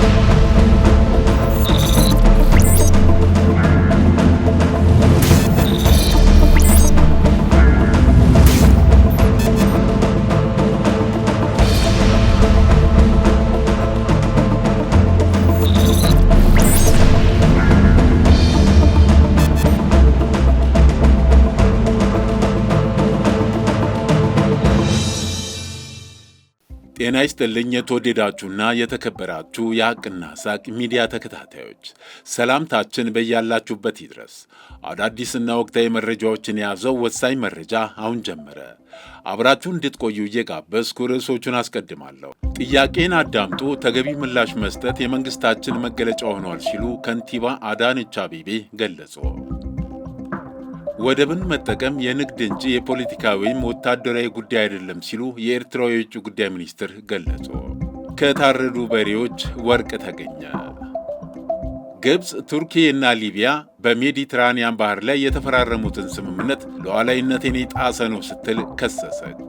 Thank you. ጤና ይስጥልኝ የተወደዳችሁና የተከበራችሁ የሐቅና ሳቅ ሚዲያ ተከታታዮች፣ ሰላምታችን በያላችሁበት ይድረስ። አዳዲስና ወቅታዊ መረጃዎችን የያዘው ወሳኝ መረጃ አሁን ጀመረ። አብራችሁ እንድትቆዩ እየጋበዝኩ ርዕሶቹን አስቀድማለሁ። ጥያቄን አዳምጡ፣ ተገቢ ምላሽ መስጠት የመንግሥታችን መገለጫ ሆኗል ሲሉ ከንቲባ አዳነች አቤቤ ገለጹ። ወደብን መጠቀም የንግድ እንጂ የፖለቲካ ወይም ወታደራዊ ጉዳይ አይደለም ሲሉ የኤርትራው የውጭ ጉዳይ ሚኒስትር ገለጹ። ከታረዱ በሬዎች ወርቅ ተገኘ። ግብፅ፣ ቱርኪ እና ሊቢያ በሜዲትራኒያን ባህር ላይ የተፈራረሙትን ስምምነት ሉዓላዊነቴን የጣሰ ነው ስትል ከሰሰች።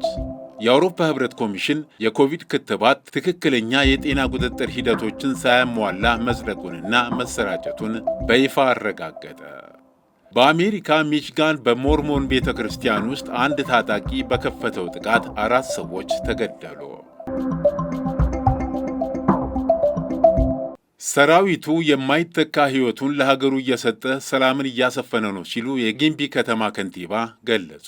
የአውሮፓ ህብረት ኮሚሽን የኮቪድ ክትባት ትክክለኛ የጤና ቁጥጥር ሂደቶችን ሳያሟላ መጽደቁንና መሰራጨቱን በይፋ አረጋገጠ። በአሜሪካ ሚችጋን በሞርሞን ቤተ ክርስቲያን ውስጥ አንድ ታጣቂ በከፈተው ጥቃት አራት ሰዎች ተገደሉ። ሰራዊቱ የማይተካ ሕይወቱን ለሀገሩ እየሰጠ ሰላምን እያሰፈነ ነው ሲሉ የጊምቢ ከተማ ከንቲባ ገለጹ።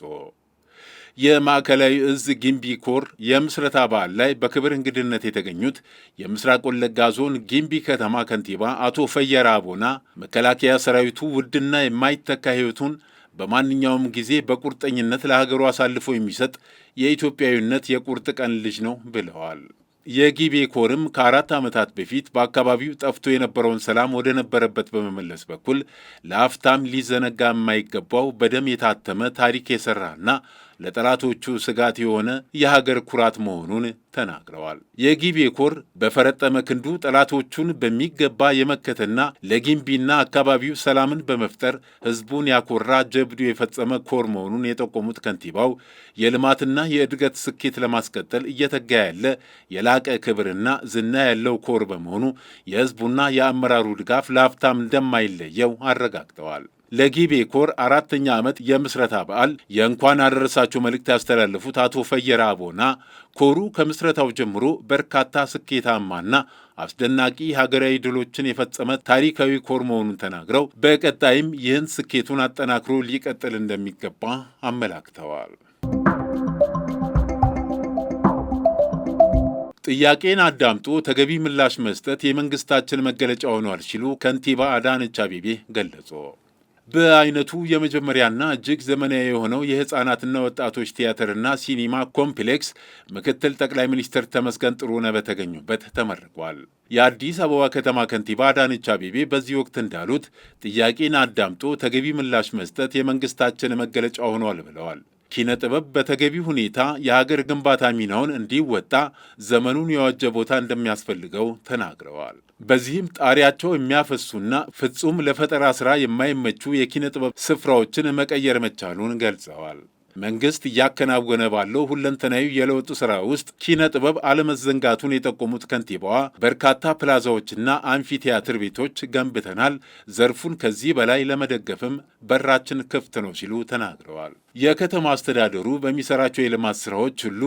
የማዕከላዊ እዝ ጊምቢ ኮር የምስረታ በዓል ላይ በክብር እንግድነት የተገኙት የምስራቅ ወለጋ ዞን ጊምቢ ከተማ ከንቲባ አቶ ፈየራ አቦና መከላከያ ሰራዊቱ ውድና የማይተካ ሕይወቱን በማንኛውም ጊዜ በቁርጠኝነት ለሀገሩ አሳልፎ የሚሰጥ የኢትዮጵያዊነት የቁርጥ ቀን ልጅ ነው ብለዋል። የጊቤ ኮርም ከአራት ዓመታት በፊት በአካባቢው ጠፍቶ የነበረውን ሰላም ወደ ነበረበት በመመለስ በኩል ለአፍታም ሊዘነጋ የማይገባው በደም የታተመ ታሪክ የሠራና ለጠላቶቹ ስጋት የሆነ የሀገር ኩራት መሆኑን ተናግረዋል። የጊቤ ኮር በፈረጠመ ክንዱ ጠላቶቹን በሚገባ የመከተና ለጊምቢና አካባቢው ሰላምን በመፍጠር ህዝቡን ያኮራ ጀብዱ የፈጸመ ኮር መሆኑን የጠቆሙት ከንቲባው የልማትና የእድገት ስኬት ለማስቀጠል እየተጋ ያለ የላቀ ክብርና ዝና ያለው ኮር በመሆኑ የህዝቡና የአመራሩ ድጋፍ ለአፍታም እንደማይለየው አረጋግጠዋል። ለጊቤ ኮር አራተኛ ዓመት የምስረታ በዓል የእንኳን አደረሳችሁ መልእክት ያስተላለፉት አቶ ፈየራ አቦና ኮሩ ከምስረታው ጀምሮ በርካታ ስኬታማና አስደናቂ ሀገራዊ ድሎችን የፈጸመ ታሪካዊ ኮር መሆኑን ተናግረው በቀጣይም ይህን ስኬቱን አጠናክሮ ሊቀጥል እንደሚገባ አመላክተዋል። ጥያቄን አዳምጦ ተገቢ ምላሽ መስጠት የመንግስታችን መገለጫ ሆኗል ሲሉ ከንቲባ አዳነች አቤቤ ገለጹ። በአይነቱ የመጀመሪያና እጅግ ዘመናዊ የሆነው የህፃናትና ወጣቶች ቲያትርና ሲኒማ ኮምፕሌክስ ምክትል ጠቅላይ ሚኒስትር ተመስገን ጥሩነህ በተገኙበት ተመርቋል። የአዲስ አበባ ከተማ ከንቲባ አዳነች አቤቤ በዚህ ወቅት እንዳሉት ጥያቄን አዳምጦ ተገቢ ምላሽ መስጠት የመንግስታችን መገለጫ ሆኗል ብለዋል። ኪነ ጥበብ በተገቢ ሁኔታ የሀገር ግንባታ ሚናውን እንዲወጣ ዘመኑን የዋጀ ቦታ እንደሚያስፈልገው ተናግረዋል። በዚህም ጣሪያቸው የሚያፈሱና ፍጹም ለፈጠራ ስራ የማይመቹ የኪነ ጥበብ ስፍራዎችን መቀየር መቻሉን ገልጸዋል። መንግስት እያከናወነ ባለው ሁለንተናዊ የለውጥ ስራ ውስጥ ኪነ ጥበብ አለመዘንጋቱን የጠቆሙት ከንቲባዋ በርካታ ፕላዛዎችና አምፊቲያትር ቤቶች ገንብተናል፣ ዘርፉን ከዚህ በላይ ለመደገፍም በራችን ክፍት ነው ሲሉ ተናግረዋል። የከተማ አስተዳደሩ በሚሰራቸው የልማት ስራዎች ሁሉ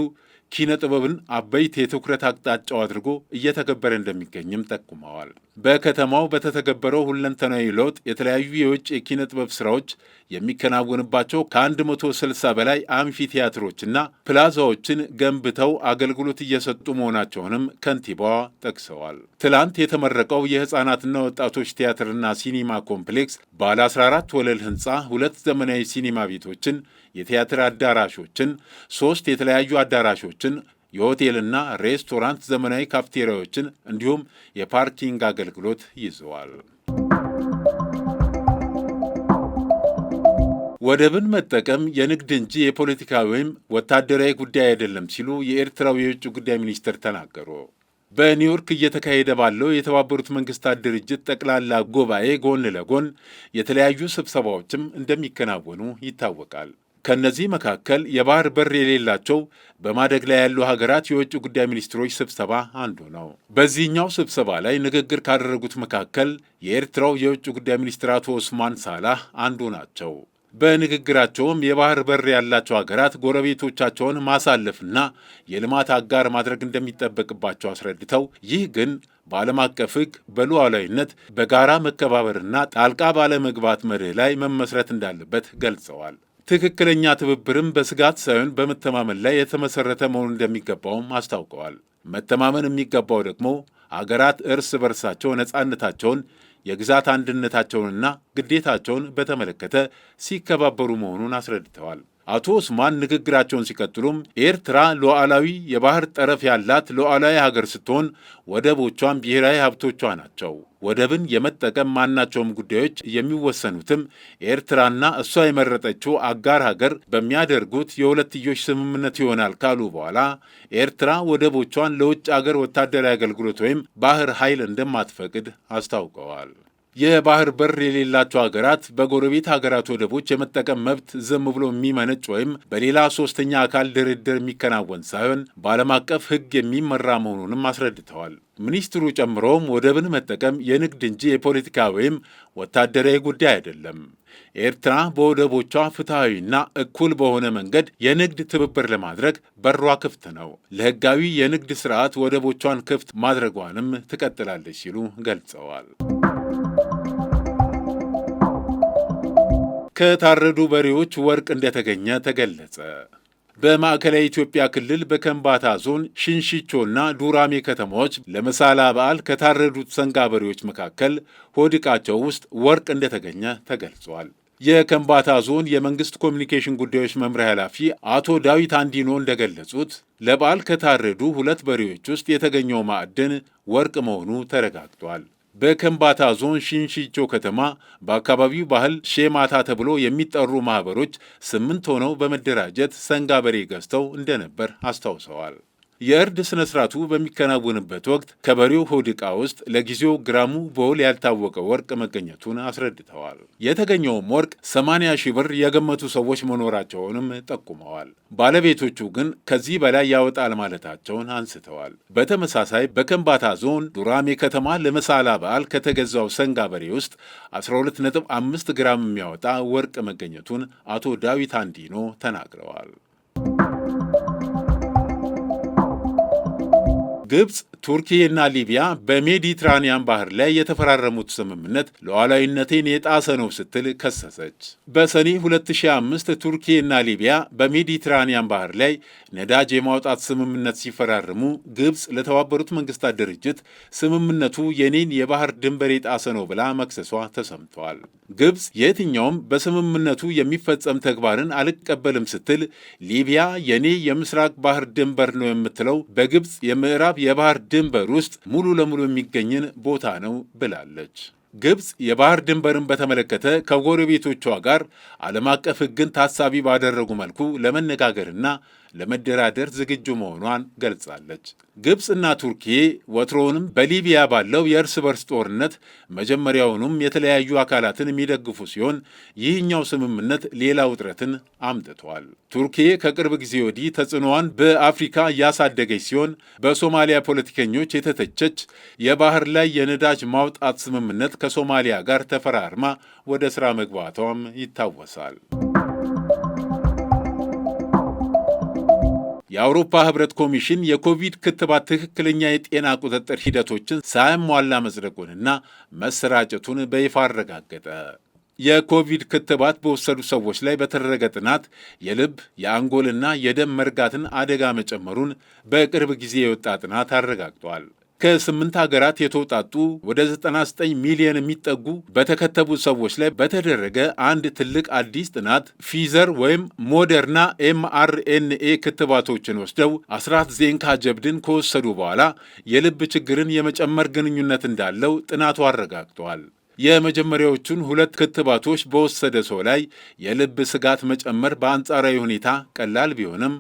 ኪነ ጥበብን አበይት የትኩረት አቅጣጫው አድርጎ እየተገበረ እንደሚገኝም ጠቁመዋል። በከተማው በተተገበረው ሁለንተናዊ ለውጥ የተለያዩ የውጭ የኪነ ጥበብ ስራዎች የሚከናወንባቸው ከ160 በላይ አምፊ ቲያትሮችና ፕላዛዎችን ገንብተው አገልግሎት እየሰጡ መሆናቸውንም ከንቲባዋ ጠቅሰዋል። ትላንት የተመረቀው የህፃናትና ወጣቶች ቲያትርና ሲኒማ ኮምፕሌክስ ባለ 14 ወለል ህንፃ ሁለት ዘመናዊ ሲኒማ ቤቶችን የቲያትር አዳራሾችን፣ ሶስት የተለያዩ አዳራሾችን፣ የሆቴልና ሬስቶራንት ዘመናዊ ካፍቴሪያዎችን እንዲሁም የፓርኪንግ አገልግሎት ይዘዋል። ወደብን መጠቀም የንግድ እንጂ የፖለቲካ ወይም ወታደራዊ ጉዳይ አይደለም ሲሉ የኤርትራው የውጭ ጉዳይ ሚኒስትር ተናገሩ። በኒውዮርክ እየተካሄደ ባለው የተባበሩት መንግስታት ድርጅት ጠቅላላ ጉባኤ ጎን ለጎን የተለያዩ ስብሰባዎችም እንደሚከናወኑ ይታወቃል። ከእነዚህ መካከል የባህር በር የሌላቸው በማደግ ላይ ያሉ ሀገራት የውጭ ጉዳይ ሚኒስትሮች ስብሰባ አንዱ ነው። በዚህኛው ስብሰባ ላይ ንግግር ካደረጉት መካከል የኤርትራው የውጭ ጉዳይ ሚኒስትር አቶ ኡስማን ሳላህ አንዱ ናቸው። በንግግራቸውም የባህር በር ያላቸው ሀገራት ጎረቤቶቻቸውን ማሳለፍና የልማት አጋር ማድረግ እንደሚጠበቅባቸው አስረድተው ይህ ግን በዓለም አቀፍ ሕግ በሉዓላዊነት በጋራ መከባበርና ጣልቃ ባለመግባት መርህ ላይ መመስረት እንዳለበት ገልጸዋል። ትክክለኛ ትብብርም በስጋት ሳይሆን በመተማመን ላይ የተመሰረተ መሆኑ እንደሚገባውም አስታውቀዋል። መተማመን የሚገባው ደግሞ አገራት እርስ በርሳቸው ነፃነታቸውን የግዛት አንድነታቸውንና ግዴታቸውን በተመለከተ ሲከባበሩ መሆኑን አስረድተዋል። አቶ ኡስማን ንግግራቸውን ሲቀጥሉም ኤርትራ ሉዓላዊ የባህር ጠረፍ ያላት ሉዓላዊ ሀገር ስትሆን ወደቦቿም ብሔራዊ ሀብቶቿ ናቸው። ወደብን የመጠቀም ማናቸውም ጉዳዮች የሚወሰኑትም ኤርትራና እሷ የመረጠችው አጋር ሀገር በሚያደርጉት የሁለትዮሽ ስምምነት ይሆናል ካሉ በኋላ ኤርትራ ወደቦቿን ለውጭ አገር ወታደራዊ አገልግሎት ወይም ባህር ኃይል እንደማትፈቅድ አስታውቀዋል። የባህር በር የሌላቸው ሀገራት በጎረቤት ሀገራት ወደቦች የመጠቀም መብት ዝም ብሎ የሚመነጭ ወይም በሌላ ሶስተኛ አካል ድርድር የሚከናወን ሳይሆን በዓለም አቀፍ ሕግ የሚመራ መሆኑንም አስረድተዋል። ሚኒስትሩ ጨምሮም ወደብን መጠቀም የንግድ እንጂ የፖለቲካ ወይም ወታደራዊ ጉዳይ አይደለም። ኤርትራ በወደቦቿ ፍትሐዊና እኩል በሆነ መንገድ የንግድ ትብብር ለማድረግ በሯ ክፍት ነው። ለሕጋዊ የንግድ ስርዓት ወደቦቿን ክፍት ማድረጓንም ትቀጥላለች ሲሉ ገልጸዋል። ከታረዱ በሬዎች ወርቅ እንደተገኘ ተገለጸ። በማዕከላዊ ኢትዮጵያ ክልል በከምባታ ዞን ሽንሽቾና ዱራሜ ከተሞች ለመሳላ በዓል ከታረዱት ሰንጋ በሬዎች መካከል ሆድቃቸው ውስጥ ወርቅ እንደተገኘ ተገልጿል። የከምባታ ዞን የመንግስት ኮሚኒኬሽን ጉዳዮች መምሪያ ኃላፊ አቶ ዳዊት አንዲኖ እንደገለጹት ለበዓል ከታረዱ ሁለት በሬዎች ውስጥ የተገኘው ማዕድን ወርቅ መሆኑ ተረጋግጧል። በከምባታ ዞን ሽንሽቾ ከተማ በአካባቢው ባህል ሼማታ ተብሎ የሚጠሩ ማኅበሮች ስምንት ሆነው በመደራጀት ሰንጋ በሬ ገዝተው እንደነበር አስታውሰዋል። የእርድ ስነ ስርዓቱ በሚከናወንበት ወቅት ከበሬው ሆድ ዕቃ ውስጥ ለጊዜው ግራሙ በውል ያልታወቀ ወርቅ መገኘቱን አስረድተዋል። የተገኘውም ወርቅ 80 ሺህ ብር የገመቱ ሰዎች መኖራቸውንም ጠቁመዋል። ባለቤቶቹ ግን ከዚህ በላይ ያወጣል ማለታቸውን አንስተዋል። በተመሳሳይ በከንባታ ዞን ዱራሜ ከተማ ለመሳላ በዓል ከተገዛው ሰንጋ በሬ ውስጥ 12.5 ግራም የሚያወጣ ወርቅ መገኘቱን አቶ ዳዊት አንዲኖ ተናግረዋል። ግብፅ፣ ቱርኪና ሊቢያ በሜዲትራኒያን ባህር ላይ የተፈራረሙት ስምምነት ሉዓላዊነቴን የጣሰ ነው ስትል ከሰሰች። በሰኔ 2005 ቱርኪና ሊቢያ በሜዲትራኒያን ባህር ላይ ነዳጅ የማውጣት ስምምነት ሲፈራረሙ ግብፅ ለተባበሩት መንግስታት ድርጅት ስምምነቱ የኔን የባህር ድንበር የጣሰ ነው ብላ መክሰሷ ተሰምተዋል። ግብፅ የትኛውም በስምምነቱ የሚፈጸም ተግባርን አልቀበልም ስትል ሊቢያ የኔ የምስራቅ ባህር ድንበር ነው የምትለው በግብፅ የምዕራብ ምዕራብ የባህር ድንበር ውስጥ ሙሉ ለሙሉ የሚገኝን ቦታ ነው ብላለች። ግብፅ የባህር ድንበርን በተመለከተ ከጎረቤቶቿ ጋር ዓለም አቀፍ ሕግን ታሳቢ ባደረጉ መልኩ ለመነጋገርና ለመደራደር ዝግጁ መሆኗን ገልጻለች። ግብፅና ቱርኪ ወትሮውንም በሊቢያ ባለው የእርስ በርስ ጦርነት መጀመሪያውኑም የተለያዩ አካላትን የሚደግፉ ሲሆን ይህኛው ስምምነት ሌላ ውጥረትን አምጥቷል። ቱርኪ ከቅርብ ጊዜ ወዲህ ተጽዕኖዋን በአፍሪካ እያሳደገች ሲሆን በሶማሊያ ፖለቲከኞች የተተቸች የባህር ላይ የነዳጅ ማውጣት ስምምነት ከሶማሊያ ጋር ተፈራርማ ወደ ሥራ መግባቷም ይታወሳል። የአውሮፓ ህብረት ኮሚሽን የኮቪድ ክትባት ትክክለኛ የጤና ቁጥጥር ሂደቶችን ሳያሟላ መጽደቁንና መሰራጨቱን በይፋ አረጋገጠ። የኮቪድ ክትባት በወሰዱ ሰዎች ላይ በተደረገ ጥናት የልብ የአንጎልና የደም መርጋትን አደጋ መጨመሩን በቅርብ ጊዜ የወጣ ጥናት አረጋግጧል። ከስምንት ሀገራት የተውጣጡ ወደ 99 ሚሊዮን የሚጠጉ በተከተቡ ሰዎች ላይ በተደረገ አንድ ትልቅ አዲስ ጥናት ፊዘር ወይም ሞደርና ኤምአርኤንኤ ክትባቶችን ወስደው አስራት ዜንካ ጀብድን ከወሰዱ በኋላ የልብ ችግርን የመጨመር ግንኙነት እንዳለው ጥናቱ አረጋግጠዋል። የመጀመሪያዎቹን ሁለት ክትባቶች በወሰደ ሰው ላይ የልብ ስጋት መጨመር በአንጻራዊ ሁኔታ ቀላል ቢሆንም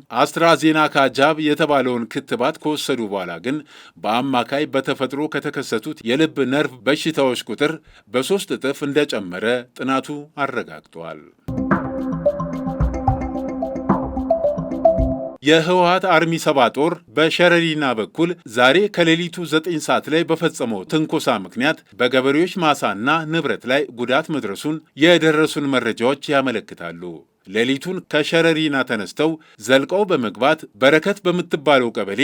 ዜና ካጃብ የተባለውን ክትባት ከወሰዱ በኋላ ግን በአማካይ በተፈጥሮ ከተከሰቱት የልብ ነርቭ በሽታዎች ቁጥር በሦስት እጥፍ እንደጨመረ ጥናቱ አረጋግጧል። የህወሀት አርሚ ሰባ ጦር በሸረሪና በኩል ዛሬ ከሌሊቱ 9 ሰዓት ላይ በፈጸመው ትንኮሳ ምክንያት በገበሬዎች ማሳና ንብረት ላይ ጉዳት መድረሱን የደረሱን መረጃዎች ያመለክታሉ። ሌሊቱን ከሸረሪና ተነስተው ዘልቀው በመግባት በረከት በምትባለው ቀበሌ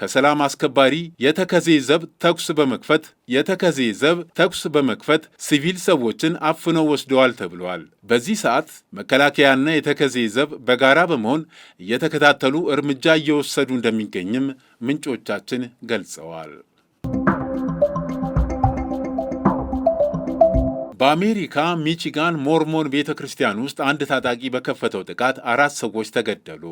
ከሰላም አስከባሪ የተከዜ ዘብ ተኩስ በመክፈት የተከዜ ዘብ ተኩስ በመክፈት ሲቪል ሰዎችን አፍነው ወስደዋል ተብለዋል። በዚህ ሰዓት መከላከያና የተከዜ ዘብ በጋራ በመሆን እየተከታተሉ እርምጃ እየወሰዱ እንደሚገኝም ምንጮቻችን ገልጸዋል። በአሜሪካ ሚቺጋን ሞርሞን ቤተ ክርስቲያን ውስጥ አንድ ታጣቂ በከፈተው ጥቃት አራት ሰዎች ተገደሉ።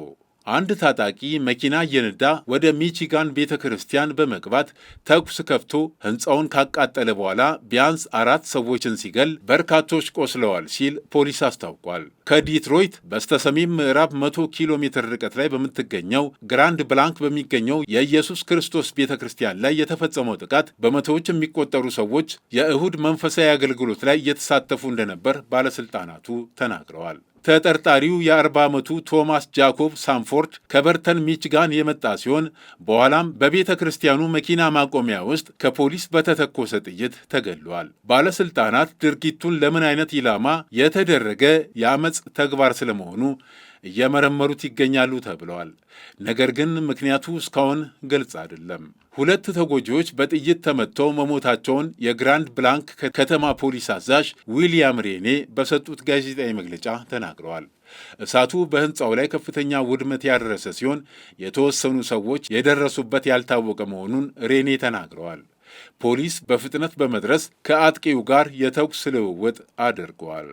አንድ ታጣቂ መኪና እየነዳ ወደ ሚቺጋን ቤተ ክርስቲያን በመግባት ተኩስ ከፍቶ ሕንፃውን ካቃጠለ በኋላ ቢያንስ አራት ሰዎችን ሲገል በርካቶች ቆስለዋል ሲል ፖሊስ አስታውቋል። ከዲትሮይት በስተሰሜን ምዕራብ 100 ኪሎ ሜትር ርቀት ላይ በምትገኘው ግራንድ ብላንክ በሚገኘው የኢየሱስ ክርስቶስ ቤተ ክርስቲያን ላይ የተፈጸመው ጥቃት በመቶዎች የሚቆጠሩ ሰዎች የእሁድ መንፈሳዊ አገልግሎት ላይ እየተሳተፉ እንደነበር ባለሥልጣናቱ ተናግረዋል። ተጠርጣሪው የ40 ዓመቱ ቶማስ ጃኮብ ሳንፎርድ ከበርተን ሚችጋን የመጣ ሲሆን በኋላም በቤተ ክርስቲያኑ መኪና ማቆሚያ ውስጥ ከፖሊስ በተተኮሰ ጥይት ተገሏል። ባለሥልጣናት ድርጊቱን ለምን አይነት ኢላማ የተደረገ የአመፅ ተግባር ስለመሆኑ እየመረመሩት ይገኛሉ ተብለዋል። ነገር ግን ምክንያቱ እስካሁን ግልጽ አይደለም። ሁለት ተጎጂዎች በጥይት ተመትተው መሞታቸውን የግራንድ ብላንክ ከተማ ፖሊስ አዛዥ ዊልያም ሬኔ በሰጡት ጋዜጣዊ መግለጫ ተናግረዋል። እሳቱ በሕንፃው ላይ ከፍተኛ ውድመት ያደረሰ ሲሆን የተወሰኑ ሰዎች የደረሱበት ያልታወቀ መሆኑን ሬኔ ተናግረዋል። ፖሊስ በፍጥነት በመድረስ ከአጥቂው ጋር የተኩስ ልውውጥ አድርገዋል።